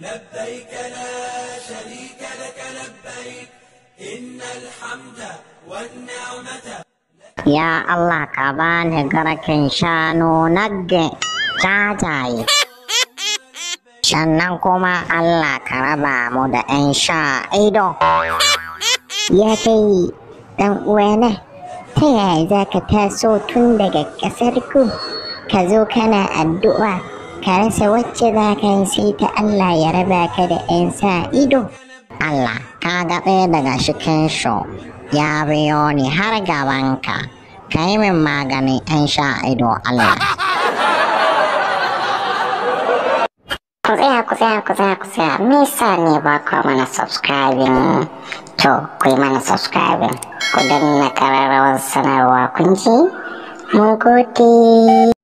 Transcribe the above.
لبيك لا شريك لك لبيك إن الحمد والنعمة ya Allah ka bani garkin shanu na jajaye sannan kuma Allah ka raba mu da 'yan sha ido ya kai ɗan uwana ta yaya za ka taso tun daga ƙasar ku ka zo kana addu'a ka rasa wacce za ka yi sai ta Allah ya raba ka da 'yan sa ido. Allah ka ga ɗaya daga cikin shi ya biyo ni har gabanka ka yi min maganin 'yan sha ido Allah. ku tsaya ku tsaya ku tsaya ku tsaya me ne ba ku mana subscribing to ku yi mana subscribing ku danna kararrawar sanarwa kun ji mun gode